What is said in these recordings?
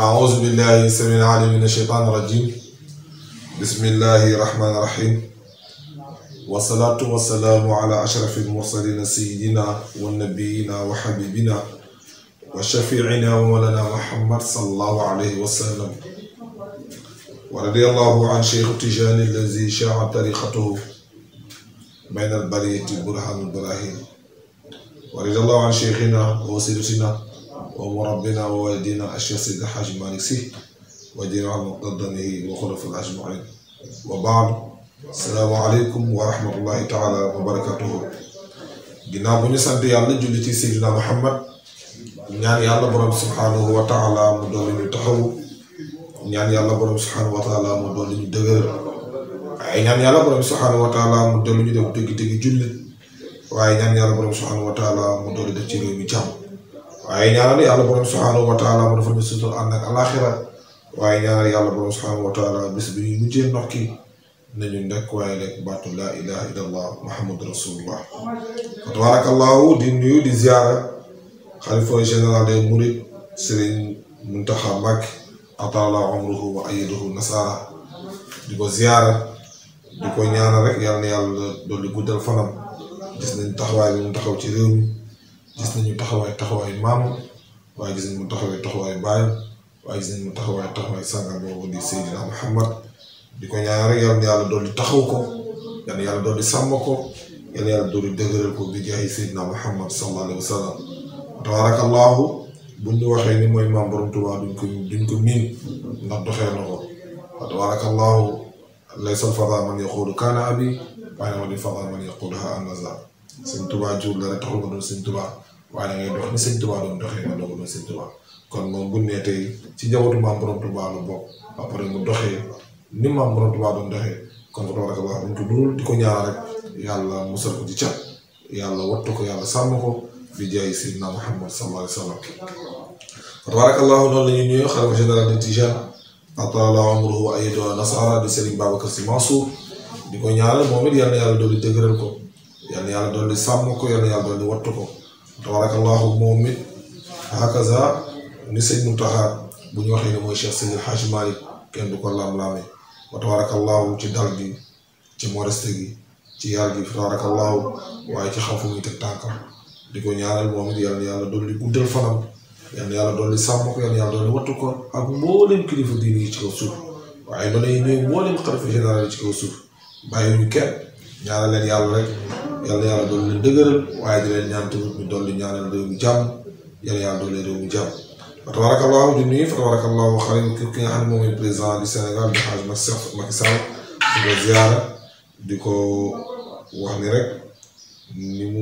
أعوذ بالله السميع العليم من الشيطان الرجيم بسم الله الرحمن الرحيم والصلاة والسلام على أشرف المرسلين سيدنا والنبينا وحبيبنا وشفيعنا ومولانا محمد صلى الله عليه وسلم ورضي الله عن شيخ تجاني الذي شاع طريقته بين البرية برهان إبراهيم ورضي الله عن شيخنا وسيدتنا wa rabbina wa walidina Cheikh Seydi El Hadji Malick Sy wa jamii'a muqaddamihi wa xulafaa'ihi ajma'iin wa ba'd assalaamu aleykum wa rahmatullahi taala wa barakatuhu ginnaaw bu ñu sant yàlla julli ci Seydina Muhammad ñaan yàlla borom subhaanahu wa taala mu doon ñu taxaw ñaan yàlla borom subhaanahu wa taala mu doon ñu dëgër waaye ñaan yàlla borom subhaanahu wa taala mu doon ñu def dëgg-dëgg julli waaye ñaan yàlla borom subhaanahu wa taala mu doon def ci réew mi jàmm waaye ñaanal yàlla borom subhaanahu wa taala mu defal ñu sutur ànd ak alaxira waaye ñaanal yàlla borom subhaanahu wa taala bis bi ñu mujjee ndox ki nañu nekk waaye nekk baatu laa ilaha illallah muhammadu rasulullah tabarakallahu di nuyu di ziara xalifa général des mourides Serigne Mountakha Mbacké atala umruhu wa ayyadahu nasara di ko ziara di ko ñaanal rek yàlla na yàlla dolli guddal fanam gis nañ taxawaay bi mu taxaw ci réew mi gis nañu taxawaay taxawaayu maamu waaye gis nañ mu taxawaay taxawaayu baayam waaye gis nañ mu taxawaay taxawaayu sàngam boobu di Seydina Muhammad di ko ñaan rek yàlla yàlla doon di taxaw ko yàlla yàlla doon di sàmm ko yàlla yàlla doon di dëgëral ko bi jaay Seydina Muhammad sallallahu alayhi wa sallam tabaarakallahu buñ ñu waxee ni mooy maam borom Tuubaa duñ ko duñ ko miin ndax doxee na ko tabaarakallahu laysal fadaa man yaquulu kaana abi waaye ma di fadaa man yaquulu haa ana zaa Sëñ Tuubaa jur la rek taxul nga doon Sëñ Tuubaa waaye da ngay dox ni sëñ Tuubaa a doon sëñ Tuubaa kon moom bu ci jawwatu maam borom Tuubaa la bokk après mu doxee ni ko tabaraka baax ko dul di ko ñaar rek yàlla musal ko ci cat yàlla wattu ko wa sallam tabarakallahu la ñuy nuyoo xalifa général de Tijaan atala umruhu di ko ñaanal moom it yal na yàlla dolli dëgëral ko yal na yàlla dolli sàmm ko yal na yàlla dolli wattu ko tabarakallahu moom it hakaza ni sëñ Muntaxa bu ñu waxee ne mooy Cheikh Seydi El Hadj Malick kenn du ko laam-laame wa tabarakallahu ci dal bi ci modeste gi ci yar gi tabarakallahu waaye ci xam fu muy teg tànkam di ko ñaanal moom it yal na yàlla dolli guddal fanam yal na yàlla dolli sàmm ko yal na yàlla wattu ko ak mboolem kilifa diine ci kaw suuf waaye noonu yi ñooy mboolem xalifa général yi ci kaw suuf bàyyi ñu kenn ñaanal leen yàlla rek yàlla yàlla doon leen dëgëral waaye di leen ñaan tamit ñu président du Sénégal di xaaj di ko wax ni rek ni mu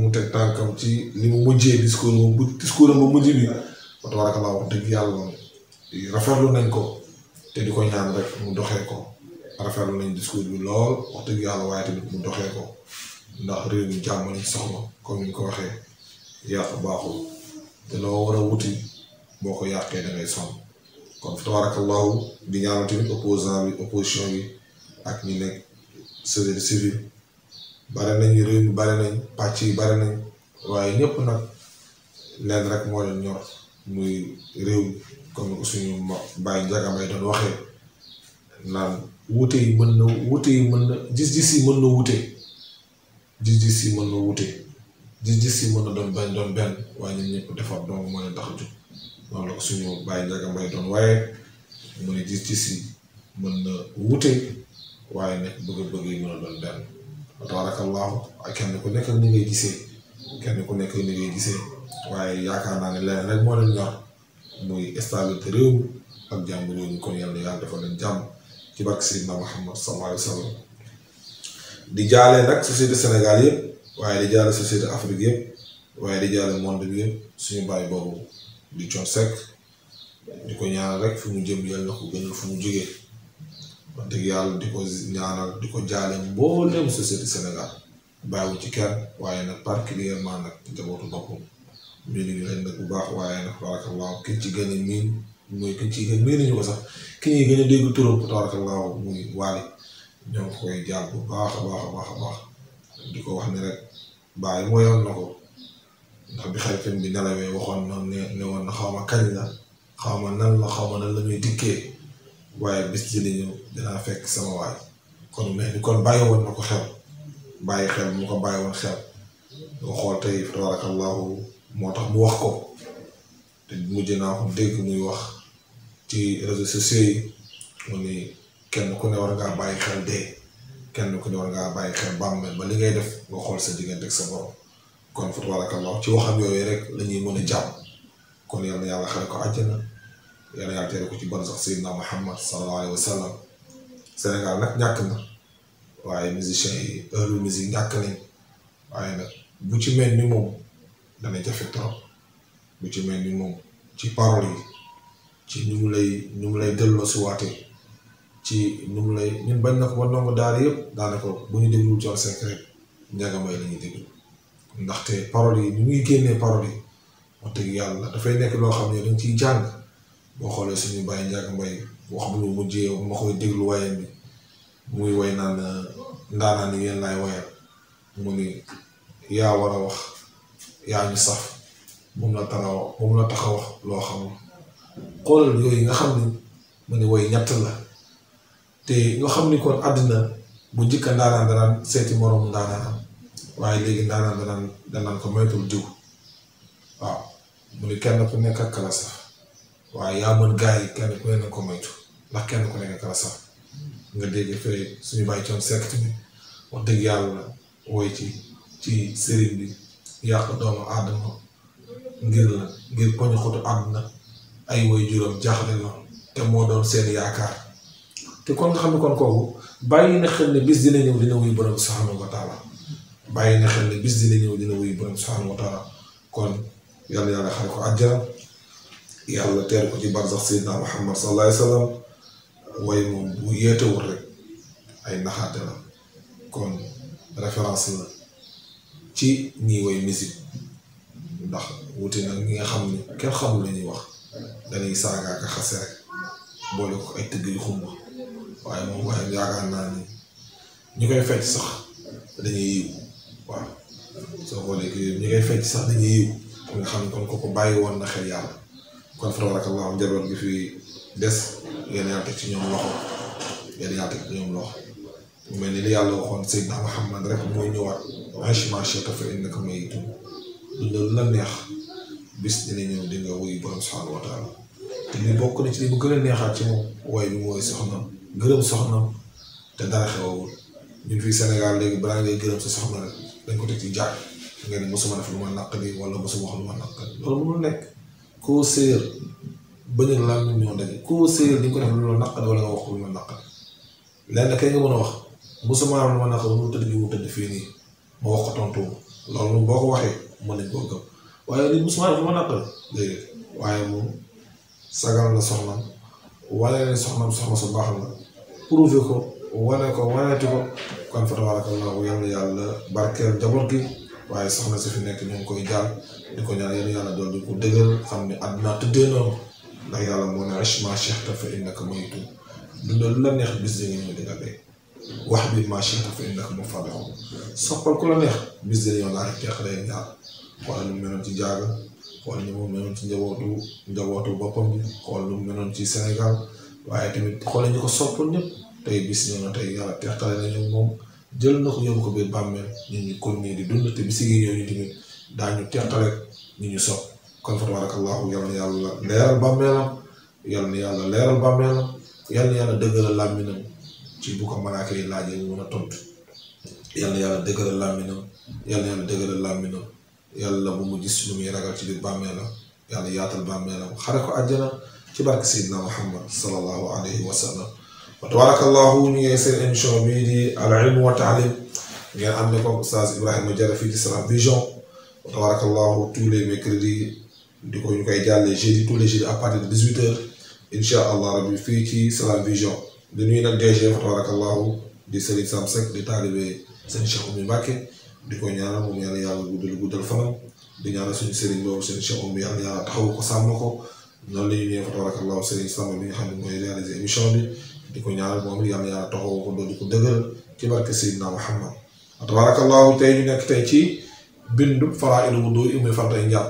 ni tànkam ci ni mu mujjee discours mu discours mu mujj bi fa nañ ko di ko ñaan rek mu doxee ko rafetlu nañ discours bi lool wax dëgg yàlla waaye tamit mu doxee ko ndax réew mi jàmm lañ comme ni ko waxee yàq baaxul te loo war a wuti boo ko yàqee da ngay sonn kon fa tabarakallahu di ñaanal tamit opposant bi opposition bi ak ñi nekk société civile bare nañu réew mi bare nañ pàcc yi bare nañ waaye ñépp nag leen rek moo leen ñor muy réew mi comme suñu bàyyi njaga may doon waxee naan wute yi mën na wute yi mën na gis yi mën na wute gis-gis yi mën na wute gis-gis yi mën na doon bañ doon benn waaye ñun ñëpp defar dong mën a tax a jóg loolu la ko suñu bàyyi njaga mbay doon waaye mu ne gis-gis si mën na wute waaye nag bëgg-bëgg yi mën a doon benn tabaarakallaahu ak kenn ku nekk ak ni ngay gisee kenn ku nekk ni ngay gisee waaye yaakaar naa ne leneen rek moo leen ñor muy stabilité réew ak jàmm réew mi kon yàlla yàlla defal leen jàmm ci barke Seydina Muhammad sallallahu alayhi wa di jaale nag société Sénégal yëpp waaye di jaale société Afrique yëpp waaye di jaale monde bi yëpp suñu bàyyi boobu di Thione Seck di ko ñaanal rek fu mu jëm yàlla na di ko ñaanal di ko jaale mboolem société Sénégal bàyyiwu ci kenn waaye nag particulièrement nag njabootu boppam ñu leen nag bu baax waaye nag barakallahu ki ci gën a miin mooy ki ci gën miin nañu ko sax ki ñuy gën a dégg turam barakallahu muy waale ñoo ngi koy jaar bu baax a baax baax baax di ko wax ne rek bàyyi woyoon na ko ndax bi xaritam bi nelawee waxoon na ne ne woon na xaw ma kañ la xaw ma na la xaw ma nan la ñuy dikkee waaye bis dina ñëw dinaa fekk sama waay kon mel kon bàyyi woon na ko xel bàyyi xel mu ko bàyyi woon xel nga xool tey tabarakallahu moo tax mu wax ko te mujj naa ko dégg muy wax ci réseaux sociaux yi kenn ku ne war ngaa bàyyi xel dee kenn ku ne war ngaa bàyyi xel bàmmeel ba li ngay def nga xool sa diggante ak sa borom kon fa ci waxam yooyu rek la ñuy mën a jàpp kon yal na yàlla xale ko àjjana yal na yàlla tere ko ci ban sax na Muhammad sallallahu alayhi wa sallam nag ñàkk na waaye musiciens yi heure musique ñàkk nañ waaye nag bu ci mel ni moom dana jafe trop bu ci mel ni moom ci parole ci ñu mu lay ñu mu lay delloo si waatee ci nu mu lay ñun bañ na ko ba ndongo daara yëpp daanaka bu ñu déglu Thione Seck rek Ndiaga Mbaye déglu ndaxte paroles yi ni muy génnee paroles yi wax yàlla dafay nekk loo xam ne dañ jàng boo xoolee suñu bàyyi Ndiaga Mbaye wax bu ñu mujjee ma koy déglu waayam bi muy way naan ndaanaan yi yéen laay wayal mu ni yaa war a wax yaa ñu saf moom la tax a moom la tax a wax loo xamul xoolal yooyu nga xam ni mu ni way ñett la. te nga xam ni kon àddina bu jëkka a ndaanaan danaan seeti moroom ndaanaanam waaye léegi ndaanaan danaan danaan ko moytul diw waaw mu ni kenn ku nekk ak kala saf waaye yaa mën gars yi kenn ku ne kala saf nga dégg fee suñu bàyyi coon sekk tamit wax dëgg yàlla woy ci ci sëriñ bi yàq doomu aadama ngir la ngir poñ xotu àdduna ay woy juróom jaaxle la te moo doon seen yaakaar te kon nga xam ne kon kooku bàyyi na xel ne bis dina ñëw dina wuyu borom subhanahu wa taala bàyyi na xel ne bis dina ñëw dina wuyu borom ko àjjana ko ci barsax sayyidina Muhammad sallallahu alayhi wa sallam waaye ay naxaate ndax wuti nag ñi wax dañuy saagaaka xase rek boole ko ay tëgg yu xumb waaye moom waaye yaakaar naa ni ñu koy fecc sax dañuy yiw waaw soo xoolee kii ñu koy fecc sax dañuy yiw nga xam ne kon woon na xel yàlla kon fa tabarakallahu jabar gi fi des yéen yaa ci ñoom loxo yéen yaa teg ci ñoom loxo mu mel ni li yàlla waxoon Seydina Muhammad rek mooy ñëwaat enchement cheka fa innaka mayitun dundal la neex bis dina ñëw di borom subhanahu wa te boo bokk na ci li bu gën a neexaat ci moom way bi mooy soxna gërëm soxna te dara xewawul ñun fii Sénégal léegi balaa ngay gërëm sa soxna rek dañ ko teg ci jaar nga ne mosuma def lu ma naqari wala mosuma wax lu ma naqari loolu nekk koo séer bañ a laal ñun nga ko def lu la naqari wala nga wax lu la naqari lenn kay mën a wax mosuma am lu ma naqari mu tëdd gi mu tëdd fii nii ma wax ko loolu moom boo ko waxee mën nañ koo gëm waaye li mosuma def lu ma naqari léegi waaye moom sagal na soxnam wane ne soxnam soxna su baax la prouvé ko wane ko waneeti ko kon fa tabarakallahu yal na yàlla barkeel njaboot gi waaye soxna si fi nekk ñu ngi koy jàll di ko ñaan yéen yàlla dool di ko dëgëral xam ne àdduna tëddee noonu ndax yàlla moo ne ish maa shi'ta fa innaka mayyitun dundal lu la neex bis di nga ñëw di nga dee wax bi maa shi'ta fa innaka mufarraqun soppal neex bis di ñëw laa teex day ñaar wala lu meloon ci jaaga xool ni mu meloon ci njabootu njabootu boppam bi xool lu mu ci Sénégal waaye tamit xoolee ñu ko soppoon ñëpp tey bis ñëw na tey yàlla teextale nañu ko yóbbu ko biir bàmmeel ñun ñu continuer di dund te bis yi ñëw ñu tamit daañu teextale ñu ñu sopp kon fa tabarakallahu yal na yàlla leeral bàmmeelam yal na yàlla leeral bàmmeelam yal na yàlla dëggal làmminam bu ko malaaka yi laajee mu a tontu yal na yàlla dëggal làmminam yal na yàlla dëggal làmminam yàlla bu mu gis lu muy ragal ci biir bàmmeelam yàlla yaatal bàmmeelam xare ko àjjana ci barke Seydina Muhammad sallallahu alayhi wa sallam wa tabaarakallahu ñu ngi seen émission bii di al ilm wa taalim ngeen am ne ko Oustaz Ibrahima Diarra fii ci Salam Vision wa tabaarakallahu tous les mercredis di ko ñu koy jàllee jeudi tous les jeudi à partir de dix huit heures incha allah rabbi fii ci Salam Vision di nuyu nag DG wa tabaarakallahu di Serigne Sam Seck di taalibe seen Cheikh Oumy Mbacké di ko ñaanal moom yàlla yàlla guddal guddal fanam di ñaanal suñu sëriñ boobu seen Cheikh Oumy ko sàmm ko noonu la ñuy ñëw fa bi nga xam bi di ko ñaanal moom yàlla yàlla taxawu di ko dëgëral ci barke Seydina Muhammad tabarakallahu tey ñu nekk tey ci bindu faraa'id wudu yi muy faratay njàpp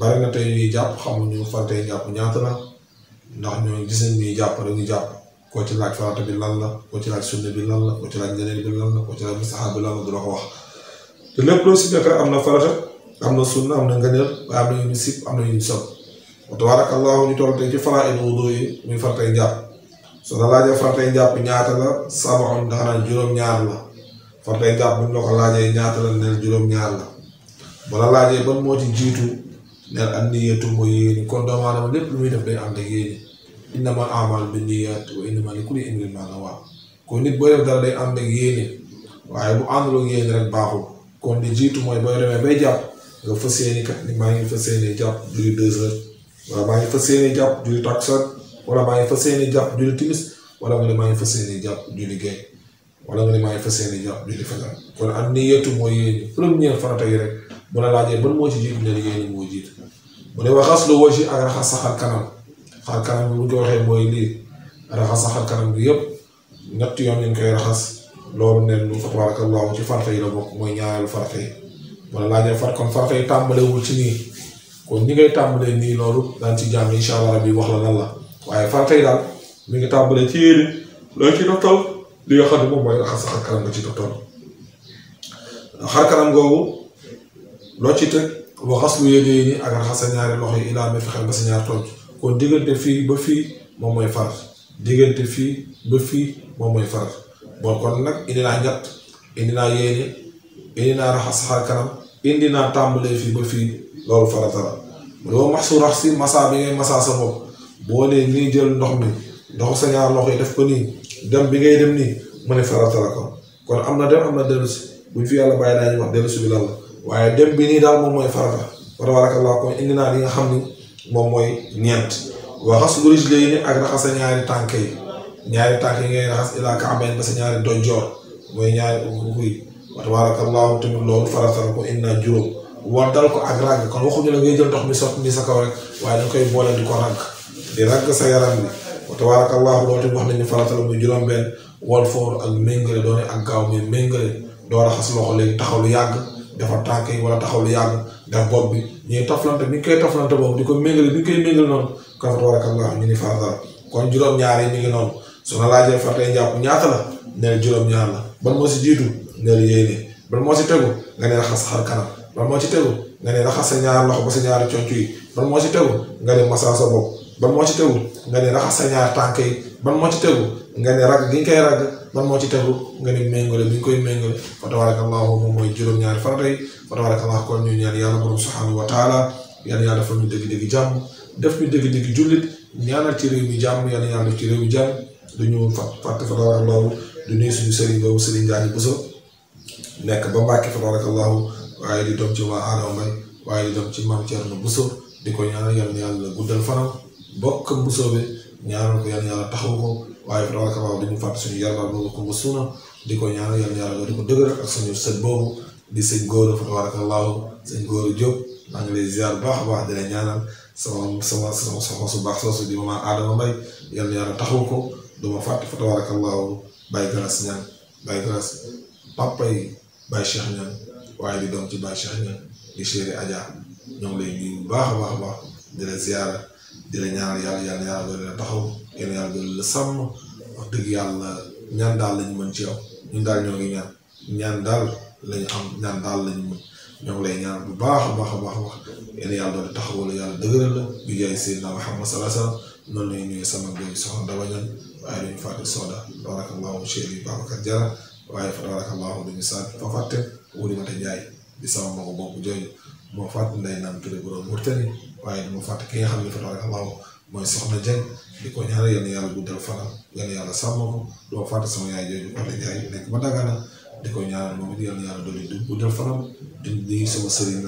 bari na tey ñuy jàpp xamuñu faratay njàpp ñaata la ndax ñoo gis nañ ñuy jàpp rek ñu jàpp koo ci laaj bi lan la koo ci laaj sunna bi lan la koo ci bi lan la koo ci bi lan du la ko wax te lépp loo si nekk am na farata am na sunna am na ngëneel waaye am na yu ñu sib am na yu ñu sopp wa tabaarakallahu ñu toll tey ci faraa'id wudu yi muy faratay njàpp soo la laajee faratay njàpp ñaata la sabaxoon daanaka juróom-ñaar la faratay njàpp buñ ba moo ci jiitu neel an niyatu mooy yéeni kon doomu aadama lépp muy def day ànd ak yéeni innama amal bi niyat wa innama li kulli imrin ma day ànd ak yéeni waaye bu àndul ak rek baaxul kon di jiitu mooy boo demee bay jàpp nga ni maa ngi fas yéene jàpp julli deux heures wala maa ngi fas yéene jàpp julli takkusaan wala maa ngi fas jàpp julli timis wala nga ne maa ngi fas yéene jàpp julli gay wala nga ne maa ngi fas yéene jàpp julli fajar kon am rek bu la laajee ban moo ci jiitu ne yéen moo jiitu mu ne waxas lu woo ak raxas xar kanam xar kanam bi bu ñu waxee mooy lii raxas xar kanam yëpp ñett yoon lañ koy raxas. loolu neen lu fa tabarakallahu ci farata yi la bokk mooy ñaareelu farata yi wala laajee far kon farata yi tàmbalewul ci nii kon ñi ngay tàmbalee nii loolu daan ci jàng incha allah rabbi wax la lan la waaye farata yi daal mi ngi tàmbalee ci yéene loo ci doftal li nga xam moom mooy raxas xar kanam nga ci doftal xar kanam googu loo ci teg waxas lu yéene yi ak raxas sa ñaari loxo yi ilaa fi xel ba sa ñaar toj kon mooy farat diggante fii ba fii moom mooy farat boo kon nag indi naa njat indi naa yéene indi naa raxas xar kanam indi naa tàmbalee fii ba fii loolu farata la loolu max su si massa bi ngay massa sa bopp boo nee nii jël ndox mi ndox sa ñaar loxo yi def ko nii dem bi ngay dem nii mu ne farata la kon am na dem am na dellusi buñ fi yàlla bàyyi naa ñu wax dellusi bi lan waaye dem bi nii daal moom mooy farata war warakallah kon indi naa li nga xam ni moom mooy ñeent waxas lu rijlay ñaari tànk yi ñaari tànk yi ngay raxas ilaa kaabayn ba sa ñaari dojoor mooy ñaari xuy wa tabarakallahu tamit loolu faratal ko inna juróom waddal ko ak sa kaw rek koy boole ko ràgg sa yaram bi wa tabarakallahu loolu tamit wax nañu faratal muy juróom-benn wal foor ak méngale doone ak gaaw mi taxaw lu yàgg dafa tànk yi wala taxaw lu yàgg def bopp bi ñuy toflante ñu di ko méngale bi ñu koy ni faratal kon juróom-ñaar yi ñu ngi noonu su na laajee faratay njàpp ñaata la neel juróom-ñaar la ban moo si jiitu neel yéene ban moo si tegu nga ne raxas xar moo si tegu nga ne raxas sa ñaar loxo ba sa ñaari conc yi ban moo si tegu nga ne masa sa bopp ban moo ci tegu nga ne raxas sa ñaar tànk yi moo ci tegu nga ne rag gi nga koy rag ban moo ci tegu nga ne méngale bi nga koy méngale fa tabaraka allahu moom mooy juróom-ñaari farata yi fa tabaraka allah kon ñu ñaan yàlla borom subhanahu wa taala yàlla def ñu dëgg-dëgg jullit ñaanal ci réew mi jàmm yàlla yàlla def ci réew mi jàmm du ñu fàtte fa tabarakallahu du nuyu suñu sëriñ boobu sëriñ Ndiagne Bousso nekk ba Mbàkke fa tabarakallahu waaye di doom ci waa Adama Mbaye waaye di doom ci maam Thierno ko ñaanal yal na yàlla di ko suuna yal na maa ngi lay ziar su baax soosu Adama Mbaye yal na yàlla taxaw ko duma fàtte fa tabaarakallaahu Baye Galas Niang Baye Galas papa yi Baye Cheikh Niang waaye di doom ci Baye Cheikh Niang di chéri Adja ñoo lay nuyu bu baax a baax a baax di la ñaan daal lañu mën ci yow ñun daal ñoo ngi ñaan ñaan daal lañu mën ñoo ngi lay ñaan bu baax baax baax a baax kenn yàlla doon la taxaw la bi jaay Seydina Muhammad sallallahu alayhi wa sallam noonu lay nuyu sama doom soxna Daba Niang waaye duñ fàtte Soda tabaarakallaahu Cheikh Babacar Diarra waaye fa tabaarakallaahu duñu sant fa fàtte Wuri Mata Njaay di sama mbokku mbokku jooju moo fàtte nday naam Touré borom Mourtani waaye du ma fàtte ki nga xam ne fa tabaarakallaahu mooy Soxna Dieng di ko ñaanal yéen yàlla guddal fanam yéen yàlla sàmm ko doo fàtte sama yaay jooju Mata Njaay nekk Dagana di ko ñaanal moom it yéen yàlla dolli di guddal fanam di sama sëriñ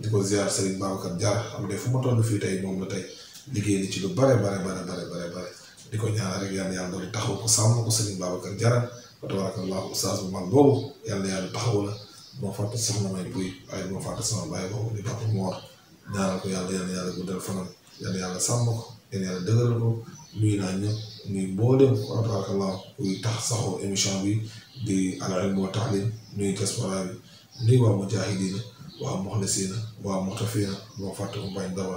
di ko ziar sëriñ Babacar Diarra xam ne fu ma toll fii tey moom la tey liggéey ni ci lu bare bare bare bare bare bare di ko ñaan rek yàlla yàlla doon taxaw ko sàmm ko sëriñ Babacar Jara wa tabarakallahu oustaz bu mag boobu yàlla yàlla taxaw la moo fàtte soxna may buy waaye moo fàtte sama bàyyi boobu di Papa Mor ko yàlla yàlla yàlla guddal fanam yàlla yàlla sàmm ko yàlla yàlla dëgëral ko nuyu naa ñëpp nuyu mboolem wa tabarakallahu kuy tax bi di al ilm wa taalim nuyu diaspora bi nuyu waa mujahidina waa muxlisina waa ko bañ dawa